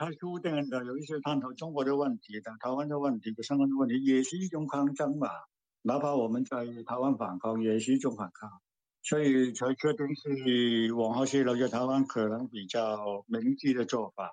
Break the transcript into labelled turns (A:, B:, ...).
A: 他書店的有一些探討中國的問題的台灣的問題，相關的問題，也是一種抗爭嘛，哪怕我們在台灣反抗，也是一種反抗。所以，才確定是往後去留在台灣可能比較明智的做法。